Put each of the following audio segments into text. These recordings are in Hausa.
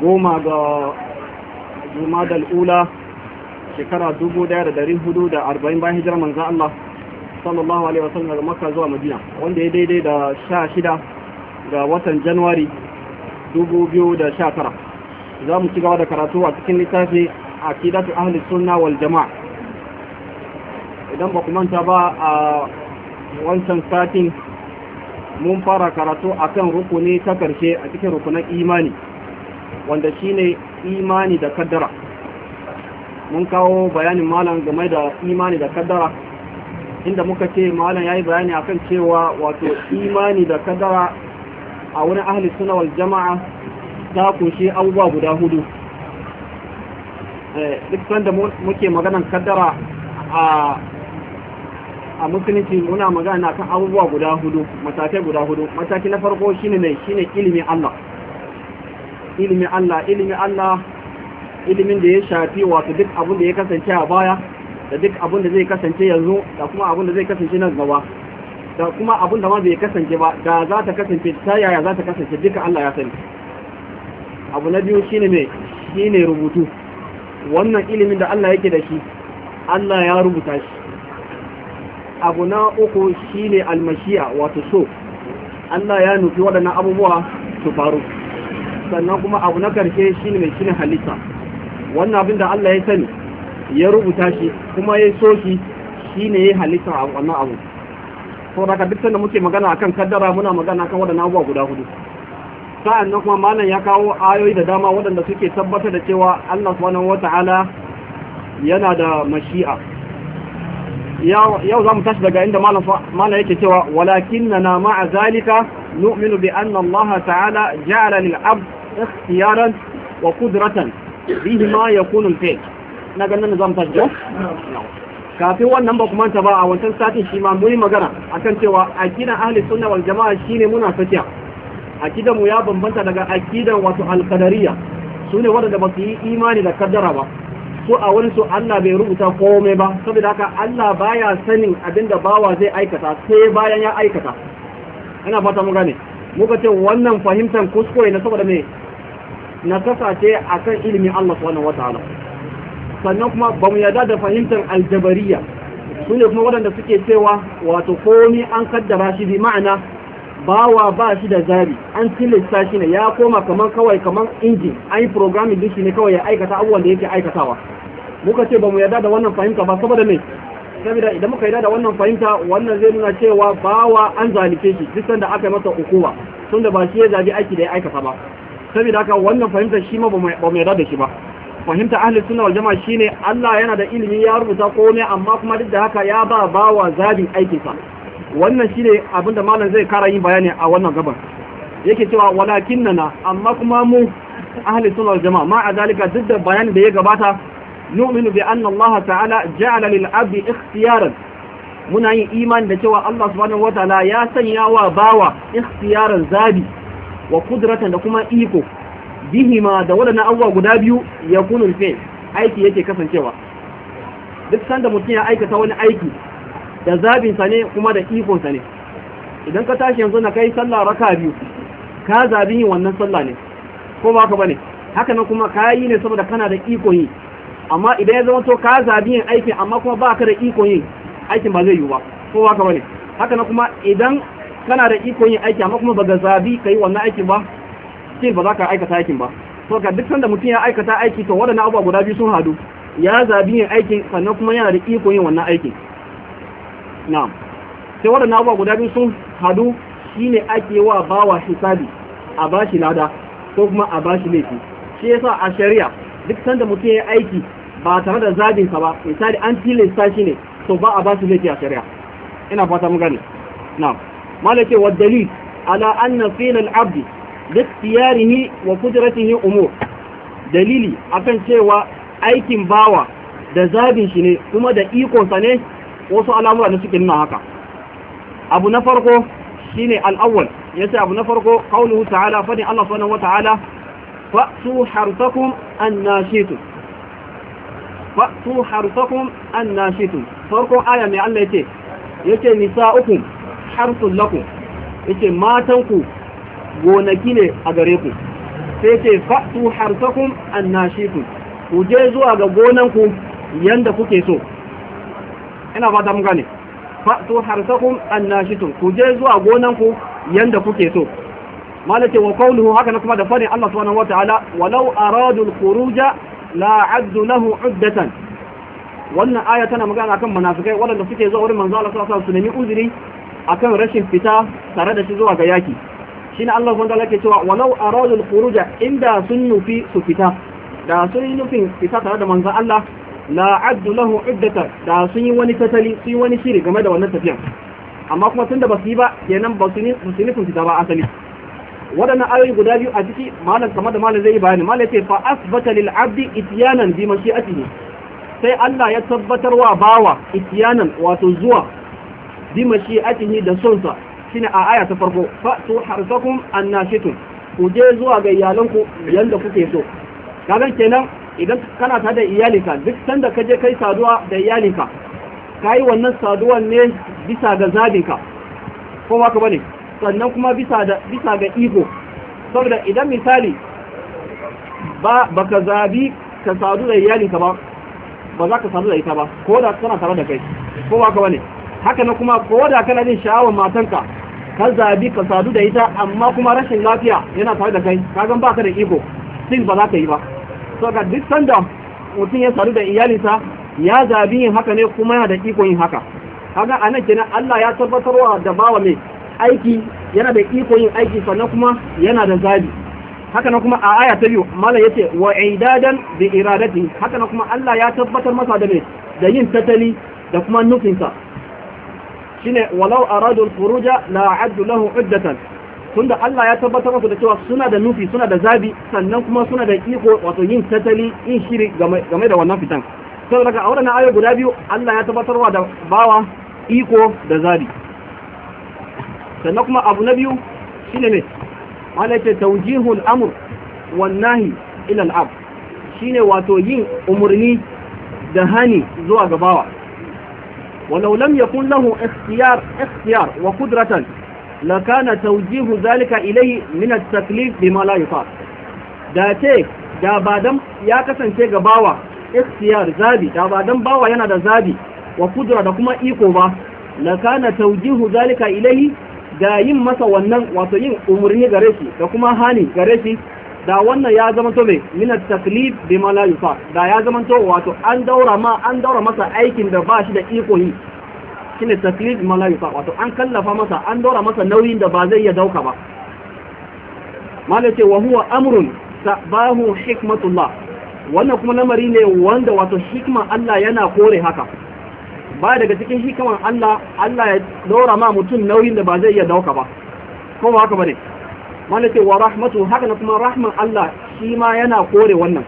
goma ga jumadal ula shekara 1440 bayan hijirar manzan Allah sallallahu alaihi wasallam daga maka zuwa madina wanda ya daidai da 16 ga watan januwari 2019 za mu ci gaba da karatu a cikin littafi a kidatu ahli suna wal jama'a idan ba ku manta ba a wancan satin mun fara karatu akan rukuni ta karshe a cikin rukunan imani wanda shine imani da kaddara mun kawo bayanin malam game da imani da kaddara inda muka ce malam yi bayani akan cewa wato imani da kaddara a wurin ahli sunna wal jama'a ta kunshi abubuwa guda hudu eh, duk sanda muke maganan kaddara a a musulunci muna magana kan abubuwa guda hudu matakai guda hudu mataki na farko shine ne shine ilimin Allah ilimin Allah ilimi Allah ilimin da ya shafi wato duk abin da ya kasance a baya da duk abin da zai kasance yanzu da kuma abin da zai kasance nan gaba da kuma abin da ma bai kasance ba da za ta kasance ta yaya za ta kasance duka Allah ya sani abu na biyu shine mai shine rubutu wannan ilimin da Allah yake da shi Allah ya rubuta shi abu na uku shine almashiya wato so Allah ya nufi waɗannan abubuwa su faru sannan kuma abu na karshe ne mai shine halitta wannan abin da Allah ya sani ya rubuta shi kuma ya so shi ne ya halitta a wannan abu saboda duk sanda muke magana akan kaddara muna magana akan wadannan abubuwa guda hudu sa'annan kuma malam ya kawo ayoyi da dama waɗanda suke tabbatar da cewa Allah subhanahu wata'ala yana da mashi'a yau za mu tashi daga inda malam yake cewa walakinna na ma'a zalika nu'minu bi anna Allah ta'ala ja'ala lil 'abd اختيارا وقدرة بهما يكون الفعل na ganin zan tashi kafin wannan ba kuma ta ba a wancan satin shi ma muyi magana akan cewa akidan ahli sunna wal jama'a shine muna sakiya akidan mu ya bambanta daga akidan wato alqadariya sune wanda ba su yi imani da kaddara ba su a wurin su Allah bai rubuta komai ba saboda haka Allah baya sanin abinda bawa zai aikata sai bayan ya aikata ina fata mu gane muka wannan fahimtar kuskure na saboda me Na kasace a kan ilimin Allah subhanahu wataala sannan kuma ba mu yarda da fahimtar aljabariya su ne kuma waɗanda suke cewa wato komi an kaddara shi bi ma'ana bawa ba shi da zari an tilasta shi ne ya koma kamar kawai kamar injin an yi programming din shi ne kawai ya aikata abubuwan da yake aikatawa muka ce ba mu yarda da wannan fahimta ba saboda me saboda idan muka yada da wannan fahimta wannan zai nuna cewa bawa an zalunce shi duk sanda aka yi masa hukuma tunda ba shi ya zabi aiki da ya aikata ba saboda haka wannan fahimtar shi ma ba mai da shi ba fahimta ahli sunna wal jama'a shine Allah yana da ilimi ya rubuta komai amma kuma duk da haka ya ba bawa zabin aikin sa wannan shine abin da malam zai kara yin bayani a wannan gaban yake cewa walakinnana amma kuma mu ahli sunna wal jama'a ma'a zalika duk da bayanin da ya gabata nu'minu bi anna Allah ta'ala ja'ala lil abdi ikhtiyaran muna yin imani da cewa Allah subhanahu wataala ya sanya wa bawa ikhtiyaran zabi wa kudratan da kuma iko bihima da waɗannan abubuwa guda biyu ya kunun fi'l aiki yake kasancewa duk sanda mutum ya aikata wani aiki da zabinsa ne kuma da ikonsa ne idan ka tashi yanzu na kai sallah raka biyu ka zabi yin wannan sallah ne ko ba ka bane haka nan kuma ka yi ne saboda kana da ikon yi amma idan ya zama to ka zabi yin aikin amma kuma ba ka da ikon yi aikin ba zai yi ba ko ba ka bane haka nan kuma idan kana da iko yin aiki amma kuma baka zabi kai wannan aikin ba sai ba za ka aikata aikin ba to ka duk sanda mutum ya aikata aiki to wadannan abubuwa guda biyu sun hadu ya zabi yin aikin sannan kuma yana da iko yin wannan aikin na'am sai wadannan abubuwa guda biyu sun hadu shine ake wa bawa hisabi a bashi lada ko kuma a bashi laifi shi yasa a shari'a duk sanda mutum ya aiki ba tare da zabinsa ba misali an tilasta shi ne to ba a bashi laifi a shari'a ina fata mun gane na'am malake wa dalil ala anna fil al-abd bi ikhtiyarihi wa qudratihi umur dalili akan cewa aikin bawa da zabin shi ne kuma da ikon sa ne wasu al'amura da suke nuna haka abu na farko shine al-awwal yace abu na farko qawluhu ta'ala fadin Allah subhanahu wa ta'ala fa'tu hartakum aya mai Allah yace yace harsun lakum yace matan gonaki ne a gare ku sai ce fa'tu harsakum annashikum ku je zuwa ga gonan ku yanda kuke so ina fata mun gane fa'tu harsakum annashikum ku je zuwa gonan ku yanda kuke so malace wa qawluhu haka na kuma da fadin Allah subhanahu wataala walau aradu al-khuruja la addu lahu uddatan wannan aya tana magana akan munafikai waɗanda suke zuwa wurin manzo Allah sallallahu alaihi wasallam su nemi uzuri akan rashin fita tare da shi zuwa ga yaki shine Allah subhanahu wataala ke cewa walau aradu al-khuruja inda sun nufi su fita da sun yi nufin fita tare da manzon Allah la addu lahu iddata da sun yi wani tattali sun yi wani shiri game da wannan tafiyan amma kuma tunda ba su yi ba kenan ba su sun fita ba asali waɗannan ayoyi guda biyu a ciki malam kamar da malam zai yi bayani malam ce fa asbata lil abdi ityanan bi mashi'atihi sai Allah ya tabbatar wa bawa ityanan wato zuwa bi mashi'atihi da sonsa shine a aya ta farko fa tu harsakum annashitun ku je zuwa ga iyalanku yanda kuke so kaga kenan idan kana ta da iyalinka duk sanda ka je kai saduwa da iyalinka kai wannan saduwan ne bisa ga zabinka ko ba ka bane sannan kuma bisa da bisa ga iko saboda idan misali ba baka zabi ka sadu da iyalinka ba ba za ka sadu da ita ba ko da kana tare da kai ko ba ka bane haka na kuma ko da kana jin sha'awar matanka ka zabi ka sadu da ita amma kuma rashin lafiya yana tare da kai ka gan baka da iko sin ba za ka yi ba so ga duk sanda mutum ya sadu da iyalinsa ya zabi yin haka ne kuma yana da iko yin haka kaga anan kenan Allah ya tabbatarwa da bawa mai aiki yana da iko yin aiki sannan kuma yana da zabi haka na kuma a aya ta biyu malam yace wa idadan bi iradati haka na kuma Allah ya tabbatar masa da me da yin tattali da kuma nufinsa shine walau aradu al-furuja la addu lahu uddatan tunda Allah ya tabbatar musu da cewa suna da nufi suna da zabi sannan kuma suna da iko wato yin tattali yin shiri game da wannan fitan sai daga a wannan ayoyi guda biyu Allah ya tabbatarwa da bawa iko da zabi sannan kuma abu na biyu shine ne Allah ce tawjihul amr wan nahi ila al-ab shine wato yin umurni da hani zuwa ga bawa ولو لم يكن له اختيار wa وقدرة لكان توجيه ذلك إليه من التكليف بما لا يطاق da ce da ba ya kasance ga bawa ikhtiyar zabi da ba dan bawa yana da zabi wa kudura da kuma iko ba la kana tawjihu zalika ilayhi da yin masa wannan wato yin umarni gare shi da kuma hani gare da wannan ya zama to mai mina taklif bi ma la yusa da ya zama to wato an daura ma an daura masa aikin da ba shi da iko yi shine taklif ma la yusa wato an kallafa masa an daura masa nauyin da ba zai iya dauka ba malace wa huwa amrun bahu hikmatullah wannan kuma lamari ne wanda wato hikma Allah yana kore haka ba daga cikin hikman Allah Allah ya daura ma mutum nauyin da ba zai iya dauka ba kuma haka bane mana ce wa rahmatu haka na kuma rahman Allah shi ma yana kore wannan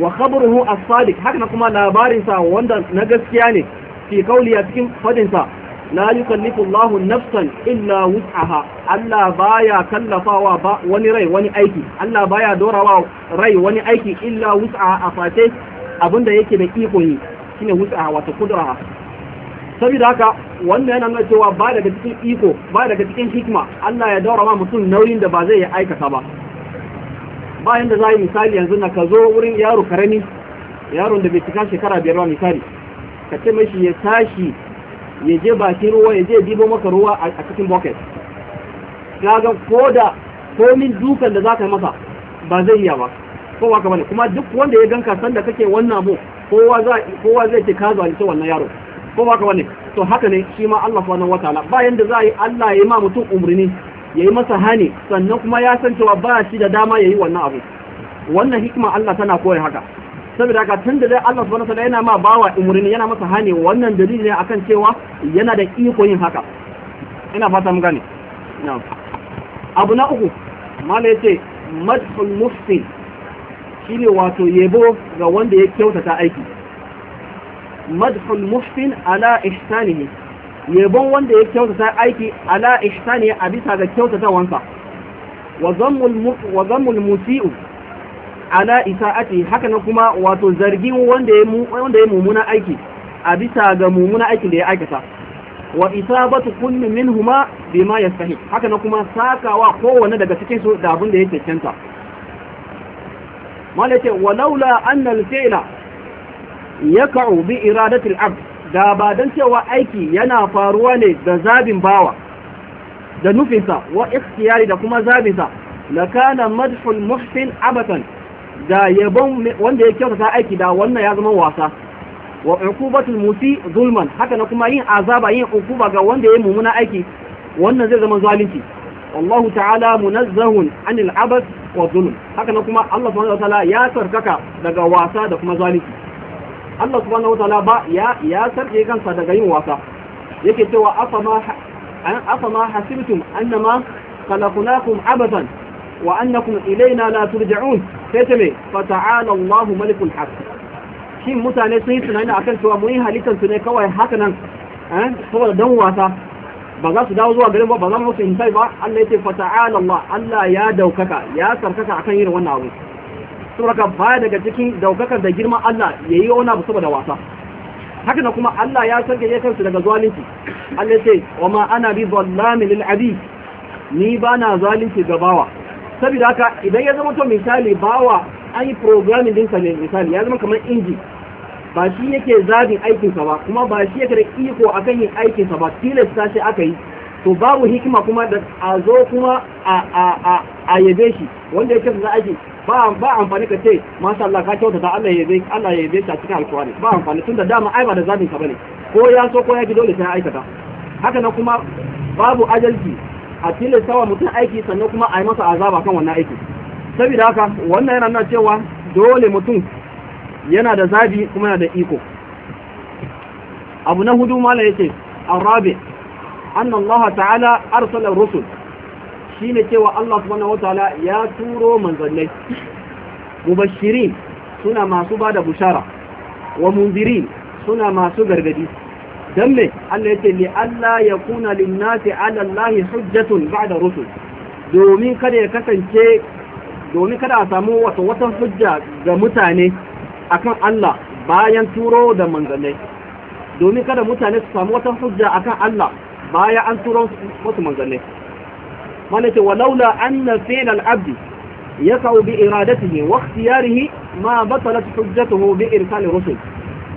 wa khabaruhu as-sadiq haka na kuma labarin sa wanda na gaskiya ne fi kauli cikin fadin sa la yukallifu Allahu nafsan illa wus'aha Allah baya kallafawa ba wani rai wani aiki Allah baya dorawa rai wani aiki illa wus'aha a fate abinda yake da iko yi shine wus'aha wato kudura saboda haka wanda yana nuna cewa ba daga cikin iko ba daga cikin hikima Allah ya daura ma mutum nauyin da ba zai ya aikata ba Ba yanda za yi misali yanzu na ka zo wurin yaro karami yaron da bai cika shekara biyar ba misali ka ce mashi ya tashi ya je bakin ruwa ya je dibo maka ruwa a cikin bucket ga ko da komin dukan da za ka yi masa ba zai iya ba ba ka bane kuma duk wanda ya ganka sanda kake wannan abu kowa zai ce ka zalunce wannan yaro ko ba ka wani to haka ne shi ma Allah subhanahu wataala bayan da za yi Allah ya yi ma mutum umarni ya yi masa hani sannan kuma ya san cewa ba shi da dama ya yi wannan abu wannan hikima Allah tana koyar haka saboda haka tun da dai Allah subhanahu wataala yana ma bawa umarni yana masa hani wannan dalili ne akan cewa yana da iko yin haka ina fata mun gane na'am abu na uku mala yace madhul mufti shine wato yebo ga wanda ya kyautata aiki madhul muhsin ala ihsanihi yabon wanda ya kyautata aiki ala ihsani a bisa ga kyautatawansa wa zammul wa zammul musii'u ala isa'ati haka nan kuma wato zargin wanda ya wanda ya mumuna aiki a bisa ga mumuna aikin da ya aikata wa isabatu kulli minhuma bima yastahi haka nan kuma sakawa kowanne daga cikin su da abin da yake cancanta malaka walaula anna al-fi'la ya ka'u bi iradatul abd da ba dan cewa aiki yana faruwa ne da zabin bawa da nufinsa wa ikhtiyari da kuma zabinsa la kana madhul muhsin abatan da yabon wanda ya kyautata aiki da wannan ya zama wasa wa uqubatul musi zulman haka na kuma yin azaba yin uquba ga wanda ya mumuna aiki wannan zai zama zalunci wallahu ta'ala munazzahun anil abath wa zulm haka na kuma Allah subhanahu wa ta'ala ya sarkaka daga wasa da kuma zalunci Allah subhanahu wataala ba ya ya sarke kansa daga yin wasa yake cewa afama an afama hasibtum annama khalaqnakum abathan wa annakum ilaina la turja'un sai ta me fata'ala Allah malikul haq shin mutane sun yi tunani akan cewa mun yi halittar su ne kawai haka nan eh saboda dan wasa ba za su dawo zuwa garin ba ba za mu su hintai ba Allah ya ce fata'ala Allah Allah ya daukaka ya sarkaka akan yin wannan abu saboda baya daga cikin daukakar da girman Allah ya yi wani abu saboda wasa haka na kuma Allah ya san ya kansu daga zalunci Allah ce wa ma ana bi zallamin lil abi ni ba na zalunci ga bawa saboda haka idan ya zama to misali bawa an yi programming din sa ne misali ya zama kamar inji ba shi yake zabin aikinsa ba kuma ba shi yake da iko akan yin aikinsa ba tilasta shi aka yi to babu hikima kuma da a zo kuma a yabe shi wanda yake za aiki ba amfani ka ce masha Allah ka kyauta ta Allah ya zai Allah zai ta cikin alkurani ba amfani tun da dama ai ba da zabin ka bane ko ya so ko ya ki dole sai aikata haka na kuma babu ajalci a tilasta sawa mutum aiki sannan kuma a yi masa azaba kan wannan aiki saboda haka wannan yana nuna cewa dole mutum yana da zabi kuma yana da iko abu na hudu mala yace arabi anna Allah ta'ala arsala rusul shine cewa Allah subhanahu ta'ala ya turo manzannai mubashirin suna masu bada bushara wa munzirin suna masu gargadi dan me Allah yace li ya kuna linnasi ala Allahi hujjatun ba'da rusul domin kada ya kasance domin kada a samu wata wata hujja ga mutane akan Allah bayan turo da manzannai domin kada mutane su samu wata hujja akan Allah bayan an turo wasu manzannai malaka walaula anna fi'l al-abd yaqau bi iradatihi wa ikhtiyarihi ma batalat hujjatuhu bi irsal rusul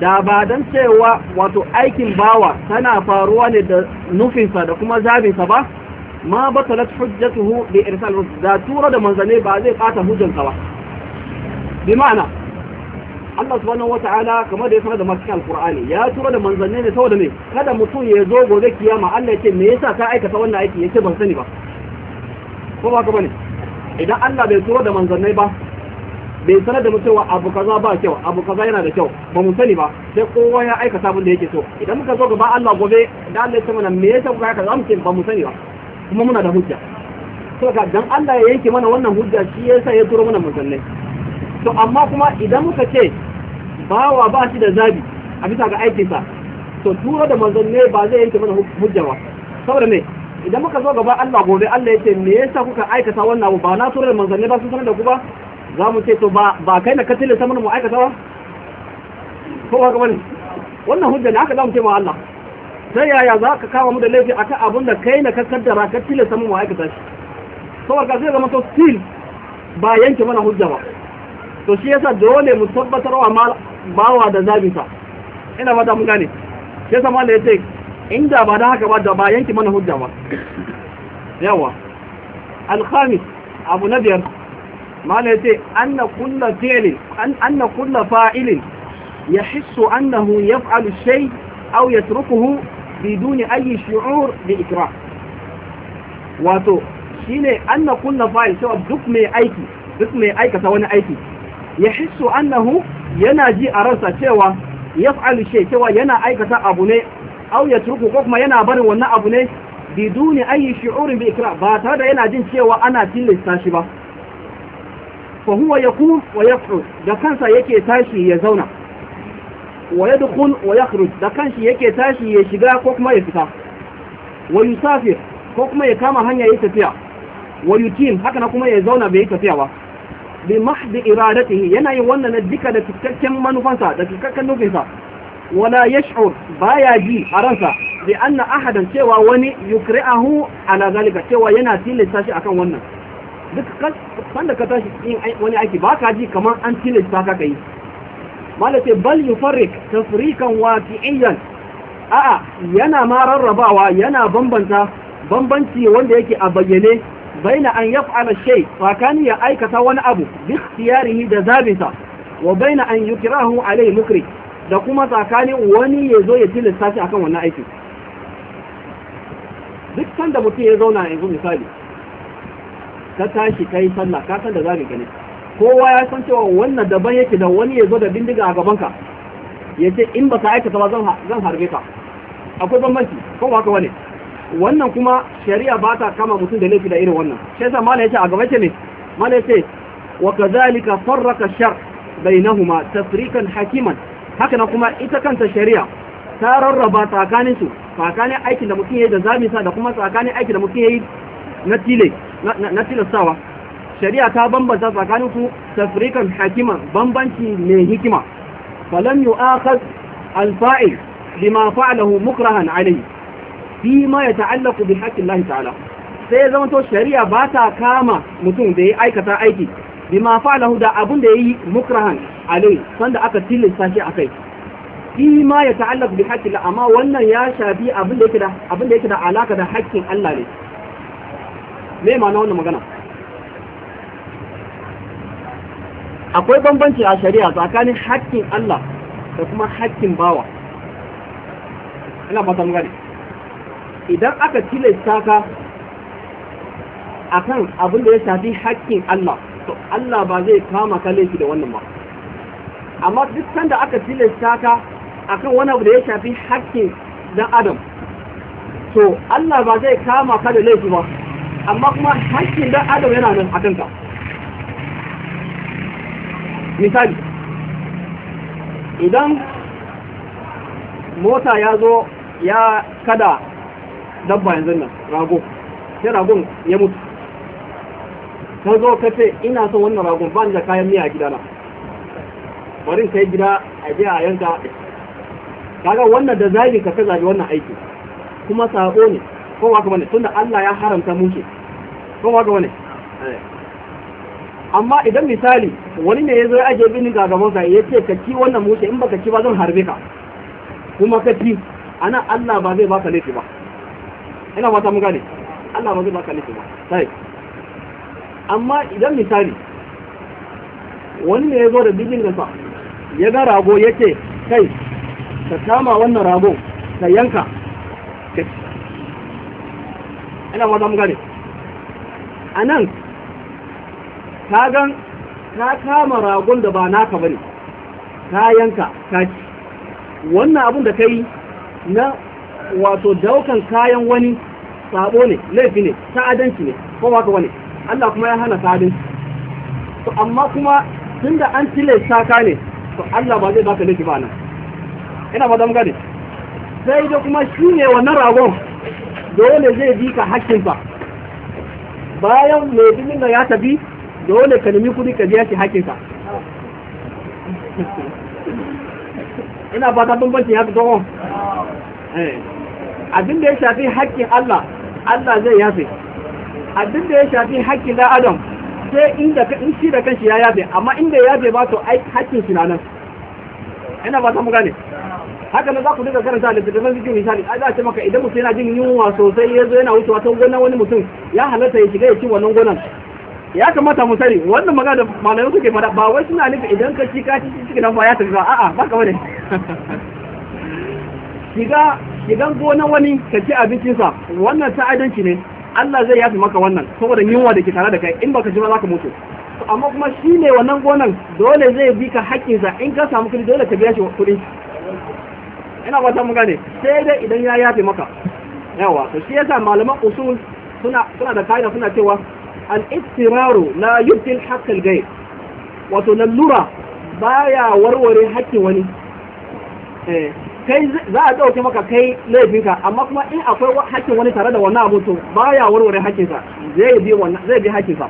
da ba dan cewa wato aikin bawa tana faruwa ne da nufinsa da kuma zabinsa ba ma batalat hujjatuhu bi irsal rusul da tura da manzane ba zai fata hujjansa ba bi ma'ana Allah subhanahu wata'ala kamar da ya sanar da masu alkur'ani ya tura da manzanni ne saboda me kada mutum ya zo gobe kiyama Allah ya ce me yasa ka aikata wannan aiki yace ban sani ba ko ba ka bane idan Allah bai turo da manzannai ba bai sanar da mu cewa abu kaza ba kyau abu kaza yana da kyau ba mu sani ba sai kowa ya aikata abin da yake so idan muka zo gaba Allah gobe da Allah ya san mana me yasa kuka kaza mu ce ba mu sani ba kuma muna da hujja to ka dan Allah ya yanke mana wannan hujja shi yasa ya turo mana musallai to amma kuma idan muka ce bawa ba shi da zabi a bisa ga aikinsa to turo da manzanne ba zai yanke mana hujja ba saboda me idan muka zo gaba Allah gobe Allah ya ce me yasa kuka aikata wannan abu ba na turar manzanni ba sun sanar da ku ba za mu ce to ba kai na katile ta mu aikata ba ko ba gaban wannan hujja ne haka za mu ce ma Allah sai yaya za ka kama mu da laifi akan abun da kai na kaddara ka sama mu aikata shi saboda zai zama to still ba yanke mana hujja ba to shi yasa dole mu tabbatar wa bawa da zabinsa ina ta mun gane sai sama da ya ce inda ba da haka ba da ba yanki mana hujja ba yawa alhamis abu na biyar mala ya ce anna kulla fi'ilin anna kulla fa'ilin yahissu annahu yaf'alu shay aw yatrukuhu biduni ayi shu'ur bi ikra wato shine anna kulla fa'il cewa duk mai aiki duk mai aikata wani aiki na hu yana ji a ransa cewa yaf'alu shay cewa yana aikata abu ne au ya turku ko kuma yana barin wannan abu ne biduni ayi shi'urin bi ikra ba tare da yana jin cewa ana tilasta shi ba fa huwa yaqum wa yakhruj da kansa yake tashi ya zauna wa yadkhul wa yakhruj da kansa yake tashi ya shiga ko kuma ya fita wa yusafir ko kuma ya kama hanya ya tafiya wa yutim haka na kuma ya zauna bai tafiya ba bi mahdi iradatihi yana yin wannan duka da cikakken manufansa da cikakken nufinsa wala ba baya ji a ransa bi anna ahadan cewa wani yukri'ahu ala zalika cewa yana tilasta shi akan wannan duk sanda ka tashi yin wani aiki ba ka ji kamar an tilasta ka kai malate bal yufarrik tafrikan waqi'iyyan a'a yana ma rarrabawa yana bambanta bambanci wanda yake a bayyane baina an yaf'ala shay fakani ya aikata wani abu bi ikhtiyarihi da zabinsa wa baina an yukrahu alayhi mukri da kuma tsakanin wani ya zo ya tilasta shi akan wannan aikin duk sanda mutum ya zauna a yanzu misali ka tashi ka yi sallah ka san da za ka gani kowa ya san cewa wannan daban yake da wani ya zo da bindiga a gabanka ya ce in ba ka aikata ba zan harbe ka akwai bambanci ko ba ka wani wannan kuma shari'a ba ta kama mutum da laifi da irin wannan shi yasa mala yace a gaba ce ne mala yace wa kadhalika farraka shar bainahuma tafrikan hakiman haka kuma ita kanta shari'a ta rarraba tsakanin su tsakanin aikin da mutum yayi da zamisa da kuma tsakanin aikin da mutum yayi na tile na tilastawa shari'a ta bambanta tsakanin su tafrikan hakima bambanci mai hikima falam yu'akhaz al-fa'il bima fa'alahu mukrahan alayhi fi ma yata'allaqu bi haqqi Allah ta'ala sai ya zama to shari'a ba ta kama mutum da ya aikata aiki bima fa'alahu da abun da yayi mukrahan alai sanda aka tilasta shi akai fi ma ya ta'allaq bi haqqi la amma wannan ya shafi abin da yake da abin da yake da alaka da haƙƙin Allah ne me ma'ana wannan magana akwai bambanci a shari'a tsakanin haƙƙin Allah da kuma haƙƙin bawa ina fata mun gane idan aka tilasta ka akan abin da ya shafi haƙƙin Allah to Allah ba zai kama ka laifi da wannan ba amma duk sanda aka tilasta ka akan wani abu da ya shafi haƙƙin dan adam to Allah ba zai kama ka da laifi ba amma kuma haƙƙin dan adam yana nan akan ka misali idan mota ya zo ya kada dabba yanzu nan rago sai ragon ya mutu ka zo ka ce ina son wannan ragon ba ni da kayan miya a na bari kai gida a je a yanka kaga wannan da zabi ka ka zabi wannan aiki kuma sako ne ko haka wani tunda Allah ya haramta muke ko haka wani amma idan misali wani ne ya zo aje bini gagaban ka ya ce ka ci wannan muke in baka ci ba zan harbe ka kuma ka ci ana Allah ba zai baka laifi ba ina fata mun gane Allah ba zai baka laifi ba sai amma idan misali wani ne ya zo da bijin gasa ya ga rago ya ce kai ka kama wannan rago ka yanka ina wata gane a nan ka gan ka kama ragon da ba naka bane ka yanka ka ci wannan abin da ka yi na wato daukan kayan wani sabo ne laifi ne ta'adanci ne ko ba ka wani Allah kuma ya hana sadin to amma kuma tunda an cile shaka ne to Allah ba zai baka laifi ba nan ina ba dam gane sai da kuma shi ne wannan ragon dole zai bi ka hakkinsa bayan mai dubin da ya tafi dole ka nemi kudi ka biya shi ka. ina ba ta bambanci ya fito eh, abin da ya shafi hakkin Allah Allah zai yafe abin da ya shafi haƙƙin ɗan adam sai inda in shi da kanshi ya yafe amma inda ya yafe ba to ai haƙƙin shi na nan ina ba ta mu gane haka nan za ku dinga karanta da tattafan zikin misali ai za ce maka idan mutum yana jin yunwa sosai ya zo yana wucewa ta gonan wani mutum ya halatta ya shiga ya ci wannan gonan ya kamata mu sani wannan magana da malamai suke fada ba wai suna nufi idan ka shi ka ci cikin nan ba ya tafi ba a'a ba ka bane shiga shigan gonan wani ka ci abincinsa wannan ta'adanci ne Allah zai yafi maka wannan saboda yunwa da ke tare da kai in baka jira za ka mutu amma kuma shi ne wannan gonan dole zai bi ka haƙƙinsa in ka samu kuɗi dole ka biya shi kuɗi ina ba ta mu gane sai dai idan ya yafe maka yawa to shi yasa malaman usul suna suna da kaida suna cewa al istiraru la yubtil haqq al ghayb wato lallura baya warware haƙƙin wani eh kai za a dauke maka kai laifinka amma kuma in akwai hakkin wani tare da wannan abu to baya warware hakkinsa zai bi wannan zai bi hakkinsa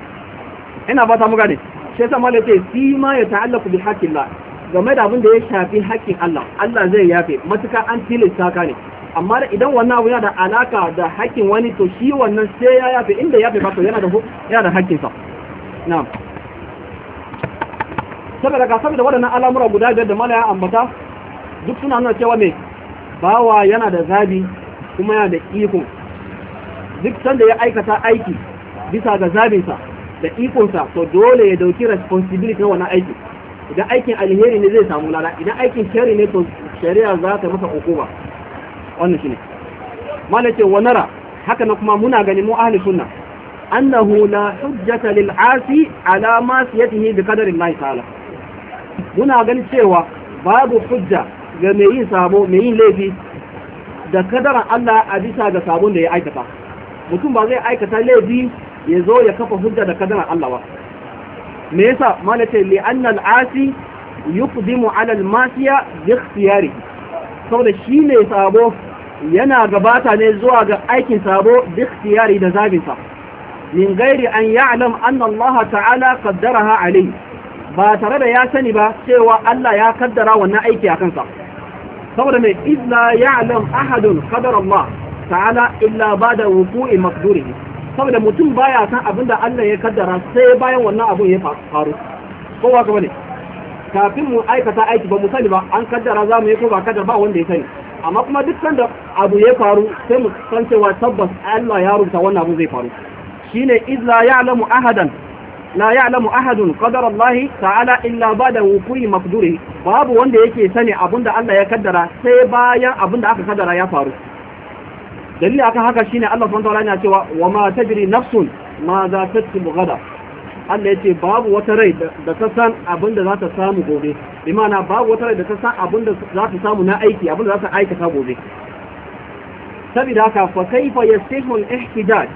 ina fata muka ne shi yasa malai ce fi ma ya ta'allaku bi haqqillah game da abin da ya shafi haƙƙin Allah Allah zai yafe matuka an tilasta ka ne amma idan wannan abu yana da alaka da haƙƙin wani to shi wannan sai ya yafe inda yafe ba to yana da yana da haƙƙin sa na'am saboda ka saboda waɗannan al'amura guda biyar da ya ambata duk suna nuna cewa mai bawa yana da zabi kuma yana da iko duk sanda ya aikata aiki bisa ga zabinsa da ikonsa to dole ya dauki responsibility na wannan aiki idan aikin alheri ne zai samu lada idan aikin shari ne to shari'a za ta masa hukuma wannan shine ce wa nara haka na kuma muna gani mu ahli sunna annahu la hujjata lil asi ala ma bi qadari Allah ta'ala muna gani cewa babu hujja ga mai yin sabo mai yin laifi da kadaran Allah a bisa ga sabon da ya aikata mutum ba zai aikata laifi ya zo ya kafa hujja da kadara Allah ba me yasa malaka li anna al-asi yuqdimu ala al-masiya bi ikhtiyari saboda shi ne sabo yana gabata ne zuwa ga aikin sabo bi ikhtiyari da zabinsa min gairi an ya'lam anna Allah ta'ala qaddaraha alayhi ba tare da ya sani ba cewa Allah ya kaddara wannan aiki a kansa saboda mai izla alam ahadun qadar Allah ta'ala illa ba da wuqu'i maqdurihi saboda mutum baya san abinda Allah ya kaddara sai bayan wannan abin ya faru ko wa kuma ne kafin mu aikata aiki ba mu sani ba an kaddara za mu yi ko ba kaddar ba wanda ya sani amma kuma duk sanda abu ya faru sai mu san cewa tabbas Allah ya rubuta wannan abu zai faru shine izla mu ahadan la ya'lamu ahadun qadara Allah ta'ala illa ba'da wuqu'i maqduri babu wanda yake sani abinda Allah ya kaddara sai bayan abinda aka kaddara ya faru dalili akan haka shine Allah subhanahu wa ta'ala yana cewa wa ma tajri nafsun ma za ta ci Allah ya ce babu wata rai da ta san abin da za ta samu gobe imana babu wata rai da ta san abin da za ta samu na aiki abinda da za ta aikata gobe saboda haka fa kaifa yasihu ihtijaj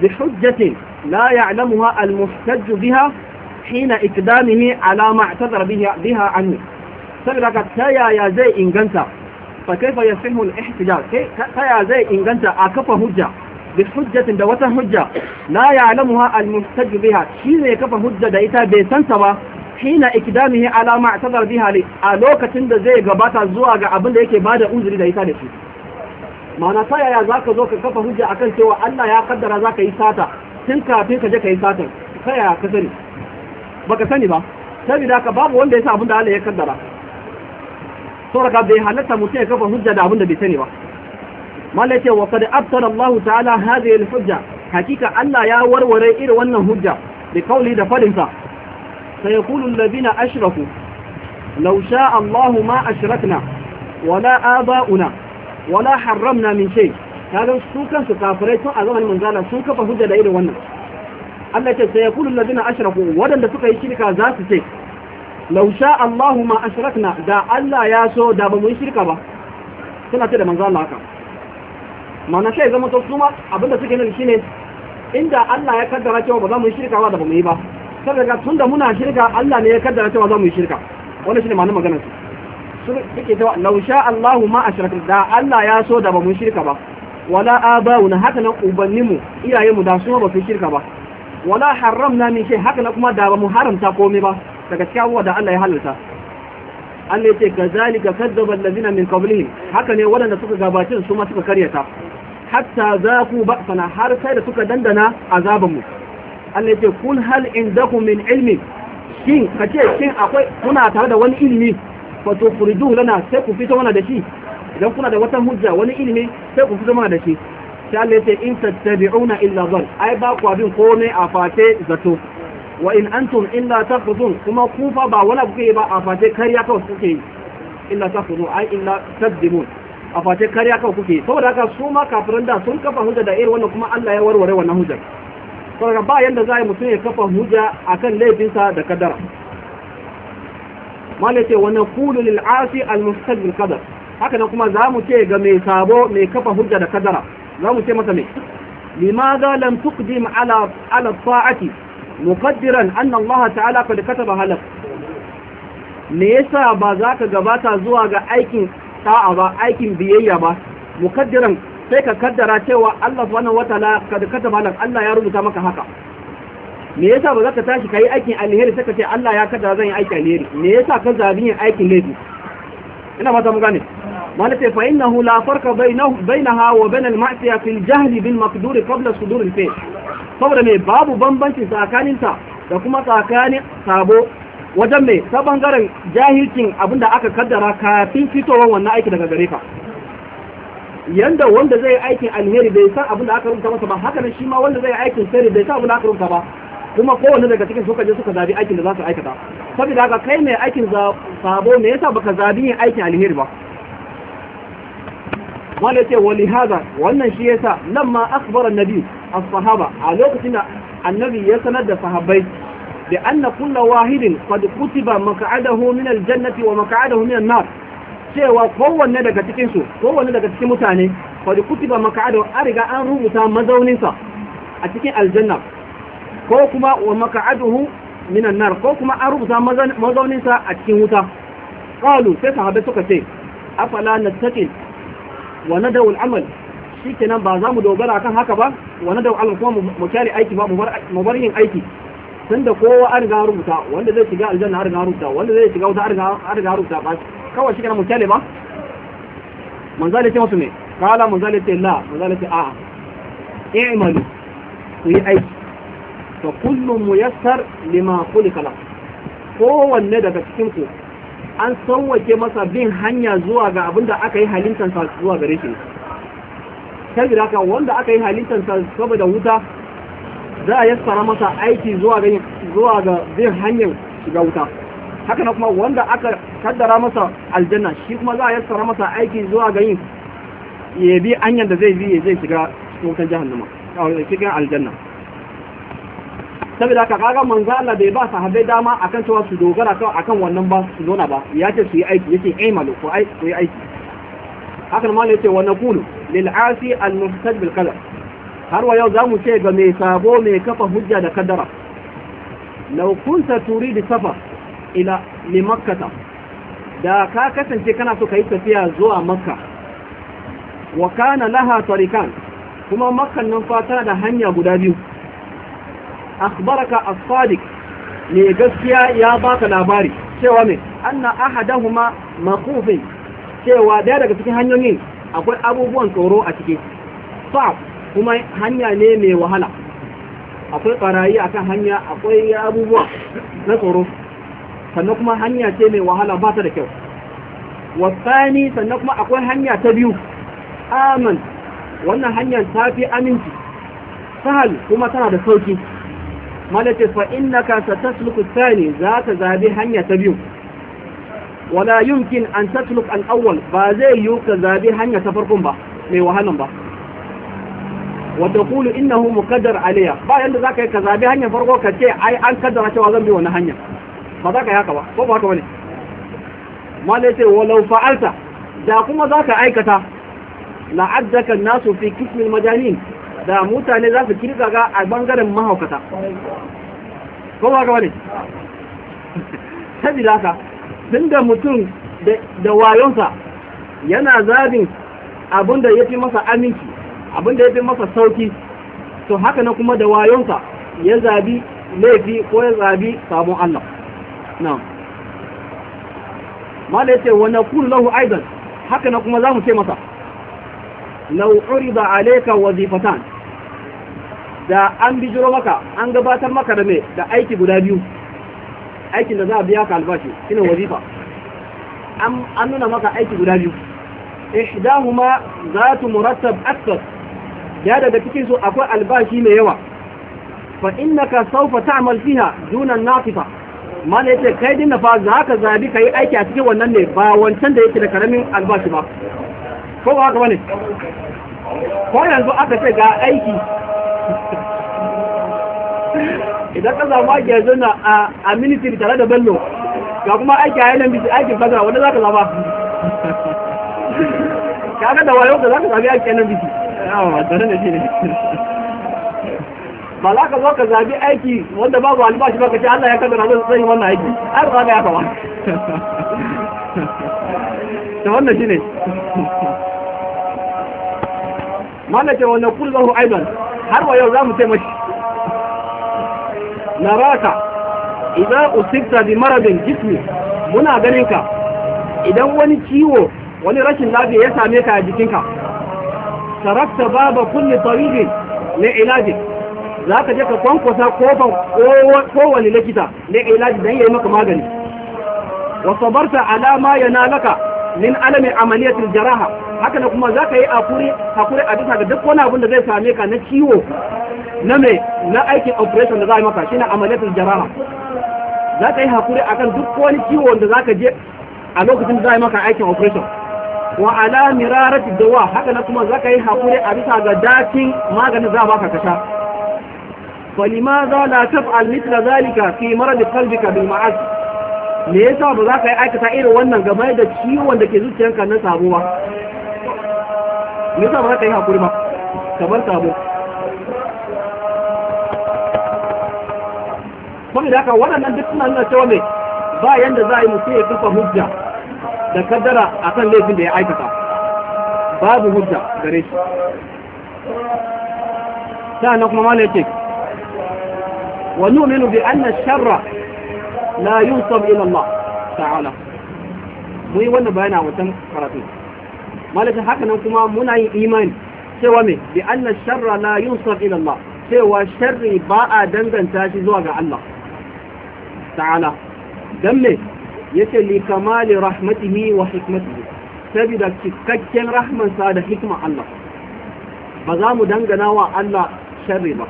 bi hujjatin لا يعلمها المحتج بها حين إقدامه على ما اعتذر بها, بها عنه سبب لك تيا يا زي إنجنتا فكيف يصح الاحتجاج تيا زي إنجنتا أكف هجة بحجة دوتا هجة لا يعلمها المحتج بها حين يكف هجة دايتا بيسنسبة حين إقدامه على ما اعتذر بها لي ألوكة زي قباتا زواغ أبن ديكي بعد أنزل دايتا لشي معنى تيا يا ذاك ذوك كف هجة أكن سوى ألا يا قدر ذاك يساتا tun kafin ka je ka yi satar kaya ka sani baka sani ba saboda ka babu wanda ya sa abin da Allah ya kaddara saboda bai halatta mutum ya kafa hujja da abin da bai sani ba mallai ce wa Allah ta'ala hadhihi al-hujja hakika Allah ya warware irin wannan hujja da kauli da fadin sa sai yaqulu alladhina ashraku law sha'a Allah ma ashrakna wala aba'una wala harramna min shay' kaga su kansu kafirai tun a zamanin manzala sun kafa hujja da irin wannan Allah ya ce sai yaqulu allazina ashraku wadanda suka yi shirka za su ce law sha Allahu ma ashrakna da Allah ya so da ba mu yi shirka ba suna ce da manzo Allah haka mana sai zama to su abinda suke nan shine inda Allah ya kaddara cewa ba za mu yi shirka ba da ba mu yi ba daga tunda muna shirka Allah ne ya kaddara cewa za mu yi shirka wannan shine ma'anar maganar su suke cewa law sha Allahu ma ashrakna da Allah ya so da ba mu yi shirka ba wala abawuna haka nan ubanninmu iyayenmu da su ba su shirka ba wala haramna min shay haka nan kuma da ba mu haramta komai ba daga cikin abubuwa da Allah ya halalta Allah yace kazalika kadzdzaba allazina min qablihim haka ne waɗanda suka gabatin su ma suka karyata hatta zaqu ba'sana har sai da suka dandana azabanmu Allah yace kul hal indakum min ilmin shin kace shin akwai kuna tare da wani ilimi fa tukhrijuhu lana sai ku fito mana da shi Idan kuna da wata hujja wani ilimi sai ku zama da shi sai Allah ya ce in tattabi'una illa dhann ai ba ku abin komai a fate zato wa in antum illa takhudun kuma ku fa ba wala kuke ba a fate kariya kawai kuke yi illa takhudun ai illa taddimun a fate kariya kawai kuke saboda haka su ma kafiran da sun kafa hujja da irin wannan kuma Allah ya warware wannan hujjar saboda ba yanda za a yi mutum ya kafa hujja akan laifinsa da kadara malace wa naqulu lil asi al mustaqbil qadar haka nan kuma za mu ce ga mai sabo mai kafa hujja da kadara za mu ce masa mai limaza lam tuqdim ala ala ta'ati muqaddiran anna Allah ta'ala qad kataba halak me yasa ba za ka gabata zuwa ga aikin ta'a ba aikin biyayya ba muqaddiran sai ka kaddara cewa Allah subhanahu wataala qad kataba halak Allah ya rubuta maka haka me yasa ba za ka tashi kai aikin alheri sai ka ce Allah ya kaddara zan yi aikin alheri me yasa ka zabi yin aikin laifi ina mata mu gane مالتي فإنه لا فرق بينه بينها وبين المعصية في الجهل بالمقدور قبل صدور الفعل saboda mai babu bambanci tsakaninta da kuma tsakanin sabo wajen mai ta bangaren jahilcin abinda aka kaddara kafin fitowar wani aiki daga gare ka yadda wanda zai aikin alheri bai san abinda aka rubuta masa ba haka nan shi ma wanda zai aikin sirri bai san abinda aka rubuta ba kuma kowane daga cikin suka je suka zabi aikin da za su aikata saboda haka kai mai aikin sabo me yasa baka zabi yin aikin alheri ba wanda ce wali haza wannan shi yasa nan ma akbara nabi as-sahaba a lokacin annabi ya sanar da sahabbai da anna kullu wahidin qad kutiba maq'adahu min al-jannati wa maq'adahu min an-nar cewa kowanne daga cikin su kowanne daga cikin mutane qad kutiba maq'adahu a riga an rubuta mazauninsa a cikin aljanna ko kuma wa maq'aduhu min an-nar ko kuma an rubuta mazauninsa a cikin wuta qalu sai sahabbai suka ce afala nattaqil wa da al-amal shikenan ba za mu dogara kan haka ba wa da al kuma mu kyale aiki ba mu bar yin aiki tunda kowa an riga rubuta wanda zai shiga aljanna an riga rubuta wanda zai shiga wuta an riga rubuta ba kawai shikenan mu kyale ba manzali ce musu ne kala manzali ce la manzali ce a'a i'malu ku yi aiki fa kullu muyassar lima khuliqa la kowanne daga cikin ku an sauwake masa bin hanya zuwa ga abinda aka yi halittansa zuwa gare shi saboda haka wanda aka yi halittansa saboda wuta za a yassara masa aiki zuwa ga zuwa ga bin hanyar shiga wuta haka na kuma wanda aka kaddara masa aljanna shi kuma za a yassara masa aiki zuwa ga yin ya bi hanyar da zai bi ya zai shiga cikin wutan jahannama cikin aljanna saboda ka kaga manzo Allah bai ba sahabbai dama akan cewa su dogara kawai akan wannan ba su na ba ya ce su yi aiki yace aimalu ko ai ko yi aiki haka ma ne yace wa naqulu lil asi al muhtaj bil qadar har wa yau zamu ce ga mai sabo mai kafa hujja da kaddara law kunta turidu safar ila li makkah da ka kasance kana so kai tafiya zuwa makka wa kana laha tarikan kuma makkan nan fa tana da hanya guda biyu akhbaraka as-sadiq ne gaskiya ya baka labari cewa me anna ahaduhuma maqufin cewa daya daga cikin hanyoyin akwai abubuwan tsoro a ciki fa kuma hanya ne mai wahala akwai barayi akan hanya akwai abubuwa na tsoro sannan kuma hanya ce mai wahala ba ta da kyau wasani sannan kuma akwai hanya ta biyu aman wannan hanyar ta fi aminci sahal kuma tana da sauki malace fa innaka satasluku thani za ka zabi hanya ta biyu wala yumkin an tasluk an awwal ba zai yiwu ka zabi hanya ta farkon ba mai wahalan ba wa taqulu innahu muqaddar alayya ba yanda za ka yi ka zabi hanya farko ka ce ai an kaddara cewa zan bi wannan hanya ba za ka yi haka ba ko ba haka bane malace walau fa'alta da kuma za ka aikata la'addaka nasu fi kismin majanin da mutane za su kirka ga a bangaren mahaukata ko ba ga wani sabila ka tun da mutum da wayonsa yana zabin abinda ya fi masa aminci abinda ya fi masa sauki to haka na kuma da wayonsa ya zabi laifi ko ya zabi sabon Allah da ya ce, wa kuru lahu aizan. haka na kuma za mu ce masa لو عرض عليك wazifatan da an bijiro maka an gabatar maka da da aiki guda biyu aikin da za a biya ka albashi shine wazifa an nuna maka aiki guda biyu ihdahuma zatu murattab akthar ya daga cikin su akwai albashi mai yawa fa innaka sawfa ta'mal fiha duna nafifa mana yace kai dinna fa za ka zabi kai aiki a cikin wannan ne ba wancan da yake da karamin albashi ba ko ba haka bane ko yanzu aka ce ga aiki idan ka zama ake yanzu na a ministry tare da bello ga kuma aiki a yanayin bisi aikin fazara wanda za ka zama ka ga da wayo ka za ka zabi aiki yanayin bisi ba za ka zo ka zabi aiki wanda babu albashi ba ka ce Allah ya na zai yi wannan aiki ai ba ka ya kama ta wannan shi ne. mana ce wannan kullahu aidan har wa yau za mu taimaki. na raka idan usifta bi maradin jismi muna ganin ka idan wani ciwo wani rashin lafiya ya same ka a jikinka tarakta babu kunne tariqin na ilaji za ka je ka kwankwasa kofan kowane likita na ilaji don yi maka magani wasu barta alama ya nalaka min alamin amaliyatil jaraha haka na kuma za ka yi akuri a bisa ga duk wani abin da zai same ka na ciwo na mai na aikin operation da za a yi maka shine amaliyatul jaraha za ka yi hakuri akan duk wani ciwo da za ka je a lokacin da za a yi maka aikin operation wa ala mirarati dawa haka na kuma za ka yi hakuri a bisa ga dakin maganin za a baka kasha فلماذا لا zalika مثل ذلك في مرض bil بالمعاصي me yasa ba za ka yi aikata irin wannan game da ciwon da ke zuciyarka na sabuwa me yasa ba ka yi hakuri ma bar sabo kuma da haka waɗannan duk suna nuna cewa mai ba yanda za a yi mutum ya kafa hujja da kaddara akan laifin da ya aikata babu hujja gare shi sa'annan kuma malai ce wa nu'minu bi anna sharra la yunsab ila Allah ta'ala mu yi wannan bayana a wancan karatu malaka haka nan kuma muna yin imani cewa me bi anna sharra la yunsab ila Allah cewa sharri ba a danganta shi zuwa ga Allah ta'ala dan me yace li kamali rahmatihi wa hikmatihi sabida cikakken rahmansa da hikma Allah ba za mu dangana wa Allah sharri ba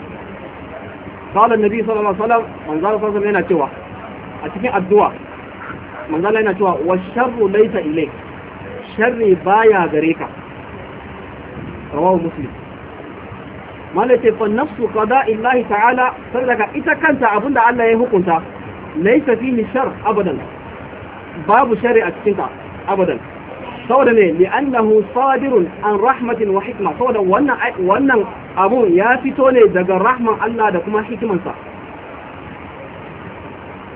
قال النبي صلى الله عليه وسلم من ذا صلى الله عليه a cikin addu'a manzala yana cewa wa sharru laysa ilayk sharri baya gare ka rawahu muslim malaka fa nafsu qada'i Allah ta'ala sadaka ita kanta abinda Allah ya hukunta laysa fihi shar abadan babu shari a cikin ka abadan saboda ne li'annahu sadirun an rahmatin wa hikma saboda wannan wannan abun ya fito ne daga rahman Allah da kuma hikimansa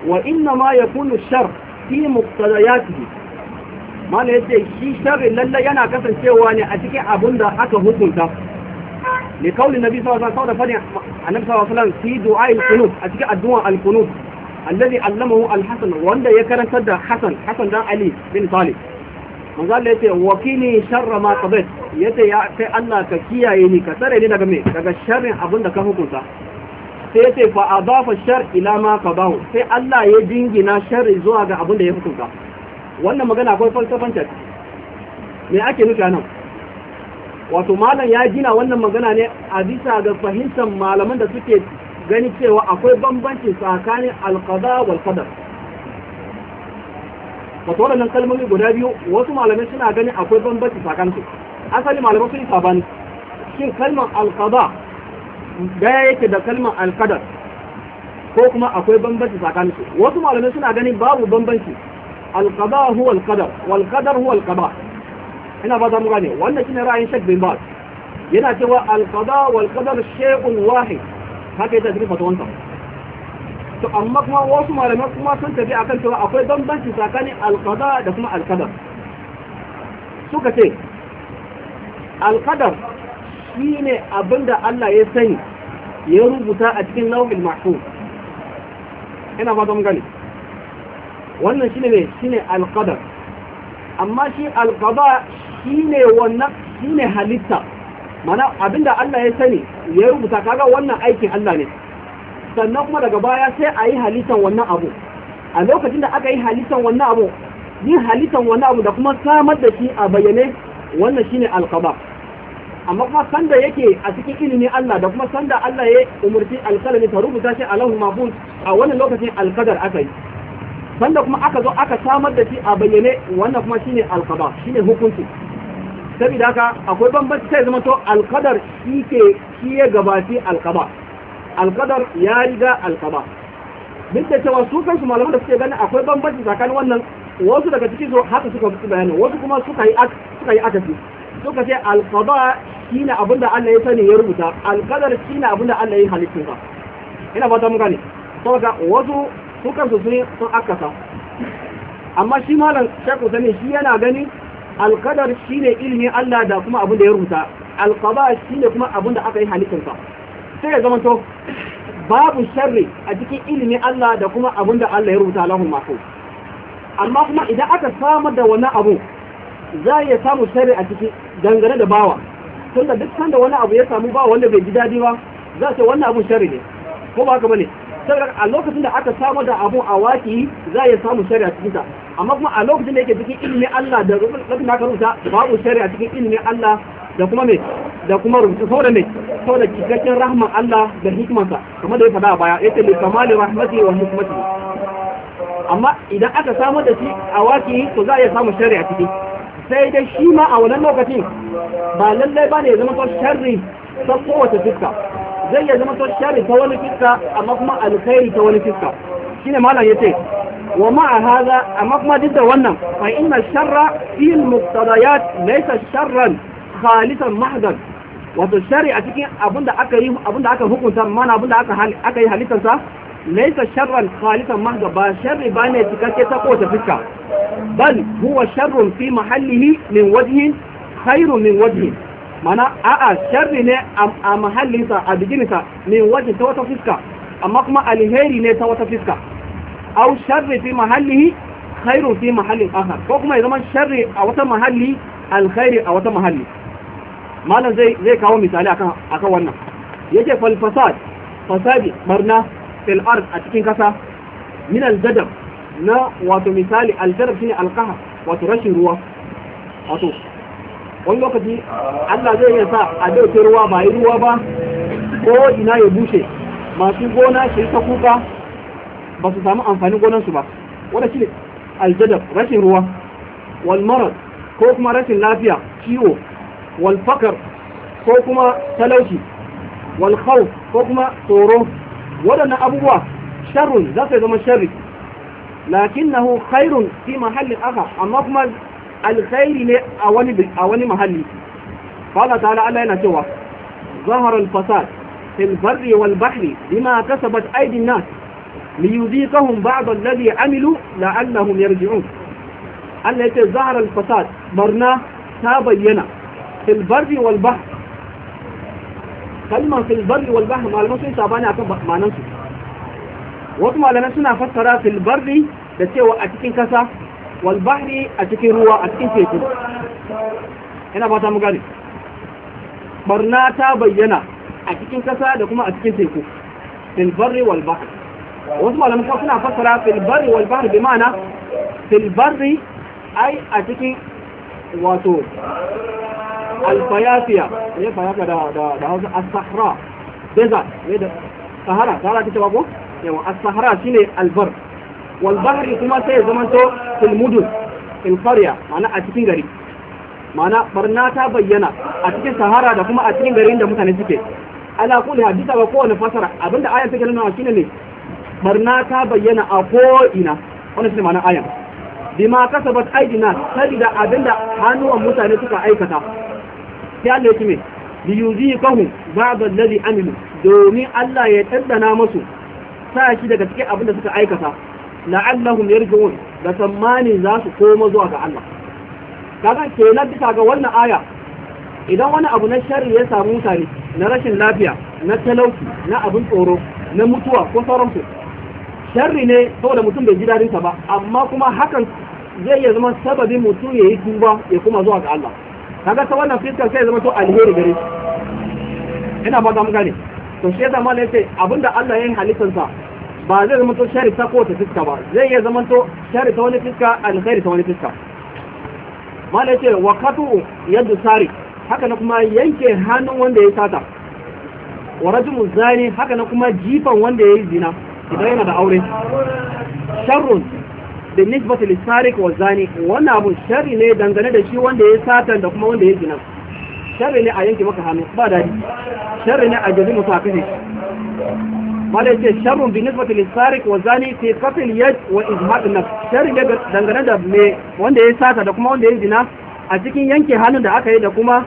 wa inna ma yakunu shar fi muqtadayatihi mana ya ce shi sharri lallai yana kasancewa ne a cikin abin da aka hukunta ne kaulin nabi sa alaihi da fadin annabi sallallahu alaihi wasallam fi du'a'il qunut a cikin addu'a al-qunut alladhi allamahu al-hasan wanda ya karantar da hasan hasan dan ali bin talib manzo Allah yace wakili sharra ma qadait yace ya kai Allah ka kiyaye ni ka tsare ni daga me daga sharrin abin da ka hukunta sai yace fa adafa shar ila ma qadahu sai Allah ya jingina sharri zuwa ga abin da ya hukunta wannan magana akwai falsafanta me ake nufi nan wato malam ya gina wannan magana ne a bisa ga fahimtar malaman da suke gani cewa akwai bambancin tsakanin alqada wal qadar wato wannan kalmomi guda biyu wasu malamai suna gani akwai bambanci tsakanin su asali malamai sun yi sabani shin kalmar alqada daya yake da kalmar alqadar ko kuma akwai bambanci tsakanin su wasu malamai suna ganin babu bambanci alqada huwa alqadar wal huwa alqada ina ba da mu gane wanda shi ne ra'ayin Sheikh bin Baz yana cewa alƙada walƙadar shekun shay'un wahid haka yake tarifa wannan to amma kuma wasu malamai kuma sun tafi a kan cewa akwai bambanci tsakanin alƙada da kuma alƙadar suka ce alqadar shine abinda Allah ya sani ya rubuta a cikin lauhin mahfuz ina ba da mu gane wannan shi ne ne shi ne alƙadar amma shi shi ne wannan shi ne halitta mana abinda Allah ya sani ya rubuta kaga wannan aikin Allah ne sannan kuma daga baya sai a yi halittar wannan abu a lokacin da aka yi halittar wannan abu yin halittar wannan abu da kuma samar da shi a bayyane wannan shi ne alqada amma kuma sanda yake a cikin ilimin Allah da kuma sanda Allah ya umurci alƙalami ta rubuta shi a lahun mafun a wannan lokacin alƙadar aka yi sanda kuma aka zo aka samar da shi a bayyane wannan kuma shine alqada shine hukunci saboda haka akwai bambanci sai zama to alqadar shi ke shi ya gabaci alqada alqadar ya riga alqada duk da cewa su kansu malaman da suke ganin akwai bambanci tsakanin wannan wasu daga cikin su haka suka fi bayani wasu kuma suka yi suka yi akasi suka ce alqada shine abinda Allah ya sani ya rubuta alqadar shine abinda Allah ya halitta ina fata mun gane saboda wasu su kansu sun akasa amma shi malam shekku sani shi yana gani alkadar shi ne ilimin Allah da kuma abin da ya rubuta alkaba shi ne kuma abin da aka yi halittarsa sai ya zama babu sharri a cikin ilimin Allah da kuma abin da Allah ya rubuta lahun mako amma kuma idan aka samar da wani abu za a iya samun sharri a ciki dangane da bawa tunda duk sanda wani abu ya samu ba wanda bai ji daɗi ba za a ce wannan abun sharri ne ko ba haka bane saboda a lokacin da aka samu da abu a waki za ya samu shari'a cikin ta. amma kuma a lokacin da yake cikin ilimin Allah da rubutun aka rubuta babu shari'a cikin ilimin Allah da kuma me da kuma rubutu saboda me saboda cikakken rahman Allah da hikimarsa kamar da ya faɗa a baya yace li kamali rahmati wa hikmati amma idan aka samu da shi a waki to za ya samu shari'a ciki sai dai shi ma a wannan lokacin ba lallai bane ya zama sharri ta kowace fuska zai ya zama shari ta wani fiska amma kuma alkhairi ta wani fiska shine malam ya ce wa ma haza amma kuma duk da wannan fa inna sharra fi al-muqtadayat laysa sharran khalisan mahdan wato shari a cikin abinda aka yi abinda aka hukunta mana abinda aka aka yi halittarsa laysa sharran khalisan mahdan ba sharri bane cikakke ta kowace fiska bal huwa sharrun fi mahallihi min wajhin khairun min wajhin mana a'a sharri ne a mahallinsa a biginsa min wajen ta wata fiska amma kuma alheri ne ta wata fiska au sharri fi mahallihi khairu fi mahallin akhar ko kuma ya zama sharri a wata mahalli alkhairi a wata mahalli malam zai zai kawo misali akan akan wannan yake fal fasad fasadi barna fil ard a cikin kasa min al na wato misali al shine al wato rashin ruwa wato wani lokaci Allah zai iya sa a dauke ruwa ba yi ruwa ba ko ina ya bushe masu gona su yi ta kuka ba su samu amfanin gonansu ba wanda shi aljadab rashin ruwa walmarar, ko kuma rashin lafiya ciwo walfakar, ko kuma talauci walhau, ko kuma tsoro waɗannan abubuwa sharrun za su zama sharri nahu, khairun fi mahallin aka amma kuma alkhairi ne a wani a wani mahalli qala ta'ala Allah yana cewa zahara al-fasad fil barri wal bahri bima kasabat aydin nas liyuziqahum ba'd alladhi amilu la'allahum yarji'un Allah yace zahara al-fasad barna ta bayyana fil barri wal bahr kalmar fil barri wal bahr malaman sun sabani akan ma'anar su wasu malaman suna fassara fil barri da cewa a cikin kasa walbahri a cikin ruwa a cikin teku yana fata mu barna ta bayyana a cikin kasa da kuma a cikin teku fil barri wasu malamu kuma suna fassara fil barri bi ai a cikin wato alfayafiya ne eh, fayafiya da da da hausa as-sahra desert ne eh, da sahara sahara ba ko yawa as-sahra shine wal kuma sai ya zamanto fil mudun ma'ana a cikin gari ma'ana barna ta bayyana a cikin sahara da kuma a cikin garin da mutane suke ala kulli hadisa ga kowane fasara abinda ayan take nuna shine ne barna ta bayyana a ko ina wannan shine ma'ana ayan bima kasabat aidina sabida abinda hannuwan mutane suka aikata sai Allah ya ce liyuzikahu ba'da alladhi amilu domin Allah ya tsaddana musu sa shi daga cikin abin da suka aikata la'allahum yarji'un da tsammani za su koma zuwa ga Allah kaga kenan bisa ga wannan aya idan wani abu na shari ya samu mutane na rashin lafiya na talauki, na abin tsoro na mutuwa ko sauransu sharri ne saboda mutum bai ji dinsa ba amma kuma hakan zai iya zama sababin mutum ya yi tuba ya kuma zuwa ga Allah kaga ta wannan fiskar sai zama to alheri gare shi ina ba za mu gane to shi abinda Allah ya yi halittarsa ba zai zama to shari ta kowace fiska ba zai iya to shari ta wani fiska alkhairi ta wani fiska mala ce wa katu yadda sari haka na kuma yanke hannun wanda ya sata wa rajulun zani haka na kuma jifan wanda ya yi zina idan yana da aure sharrun da nisbatu lisarik wa zani wannan abu sharri ne dangane da shi wanda ya sata da kuma wanda ya zina sharri ne a yanke maka hannu ba daɗi sharri ne a jazi mutakashe mala yace sharrun bi nisbati lil sariq wa zani fi qatl yad wa izmat nafs sharri daga dangane da me wanda ya sata da kuma wanda ya zina a cikin yanke hannun da aka yi da kuma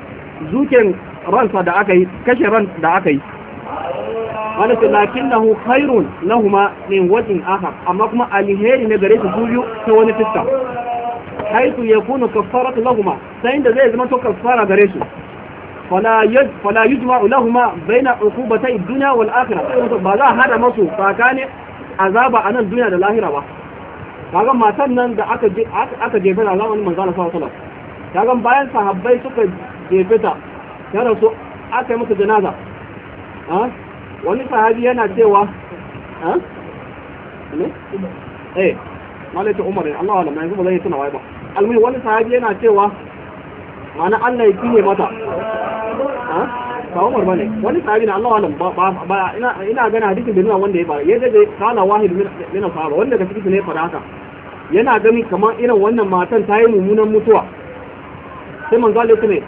zuken ransa da aka yi kashe ran da aka yi wanda ce lakinnahu khairun lahuma min wajin akhar amma kuma alheri ne gare su biyu ta wani ya haitu yakunu kaffaratu lahuma sai da zai zama to kaffara gare su fala yujma'u lahuma baina uqubatay duniya wal akhirah ba za a hada masu tsakanin azaba a nan duniya da lahira ba kaga matan nan da aka je aka jefe da zamanin manzo Allah sallallahu alaihi wasallam kaga bayan sahabbai suka jefe ta ya rasu aka yi masa janaza wani sahabi yana cewa eh malaka umar ne Allah wala mai kuma zai tuna wai ba almuhi wani sahabi yana cewa ma'ana Allah ya kine mata ba Umar bane wani sahabi na Allah alam ba ina ina gana hadisin da nuna wanda ya fara yaje da kana wahid min sahaba wanda daga cikin ne fara haka yana gani kamar irin wannan matan ta yi mummunan mutuwa sai manzo Allah ne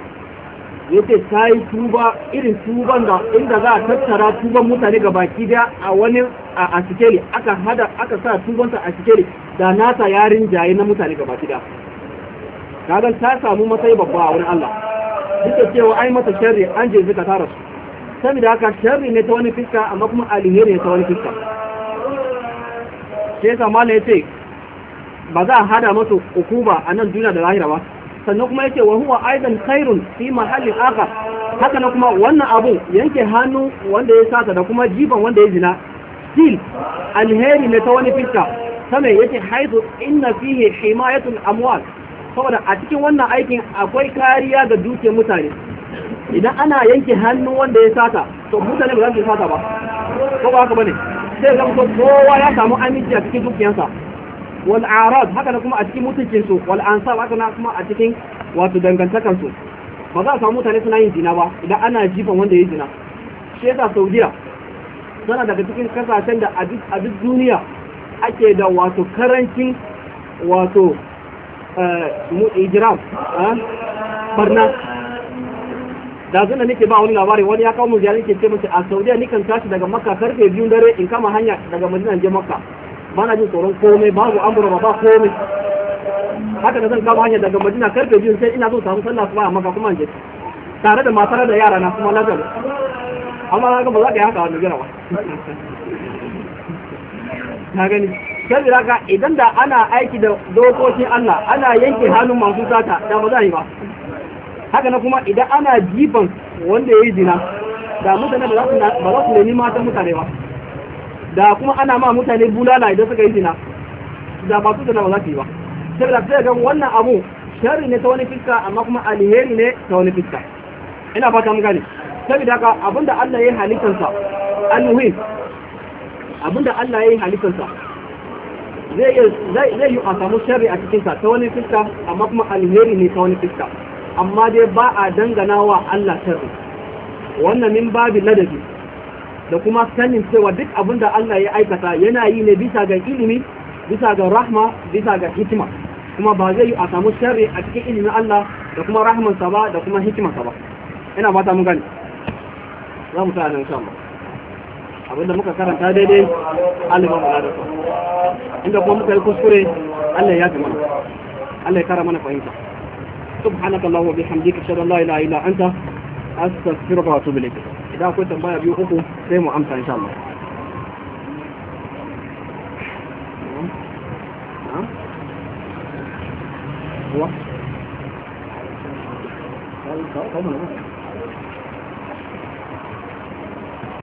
yace ta yi tuba irin tuban da inda za a tattara tuban mutane ga baki daya a wani a sikeli aka hada aka sa tubanta a sikeli da nata yarin jaye na mutane ga baki daya kagan ta samu matsayi babba a wurin Allah duk cewa ai masa sharri an je zika tara su saboda haka sharri ne ta wani fiska amma kuma alheri ne ta wani fiska sai yasa malai ce ba za a hada masa hukuma a nan duniya da lahira ba sannan kuma yake wa huwa aidan khairun fi mahallin akhar haka na kuma wannan abu yanke hannu wanda ya sata da kuma jiban wanda ya zina still alheri ne ta wani fiska sama yake haizu inna fihi himayatul amwal saboda a cikin wannan aikin akwai kariya ga dukiyar mutane idan ana yanke hannu wanda ya sata to mutane ba za su sata ba ko ba haka bane sai ga ko kowa ya samu aminci a cikin dukiyarsa wal arad haka kuma a cikin mutuncin su wal ansab haka na kuma a cikin wato dangantakan su ba za a samu mutane suna yin jina ba idan ana jifan wanda ya jina. shi yasa Saudiya tana daga cikin kasashen da a duk duniya ake da wato karancin wato ijram barna da zuna nake ba wani labari wani ya kawo mu ziyarar ke ce mace a saudiya kan tashi daga makka karfe biyu dare in kama hanya daga madina je makka ba na jin tsoron komai babu amura ba ba komai haka da zan kama hanya daga madina karfe biyu sai ina zo samu sallah ba a maka kuma je tare da matar da yara na kuma lazar amma na ga ba za ka yi haka wani gina ba na gani kai da ka idan da ana aiki da dokokin Allah ana yanke hannun masu sata da ba za a yi ba haka na kuma idan ana jifan wanda ya yi zina da mutane ba za su nemi matan mutane ba da kuma ana ma mutane bulala idan suka yi zina da ba su zina ba za su yi ba saboda sai ga wannan abu sharri ne ta wani fiska amma kuma alheri ne ta wani fiska ina fata mun gane saboda haka abinda Allah ya yi halittarsa an abinda Allah ya yi halittarsa zai yi a samu shari a cikinsa ta wani fiska amma kuma alheri ne ta wani fiska amma dai ba a dangana wa Allah sharri wannan min babi ladabi da kuma sanin cewa duk abin da Allah ya aikata yana yi ne bisa ga ilimi bisa ga rahma bisa ga hikima kuma ba zai yi a samu shari a cikin ilimin Allah da kuma rahmansa ba da kuma hikimansa ba ina ba ta mu gani za mu ta nan sha Allah abinda muka karanta daidai Allah ba da su inda kuma muka yi kuskure Allah ya mana Allah ya kara mana fahimta subhanaka allah wa bihamdika shalla la ilaha illa anta astaghfiruka wa atubu ilayk idan akwai tambaya biyu uku sai mu amsa insha Allah What?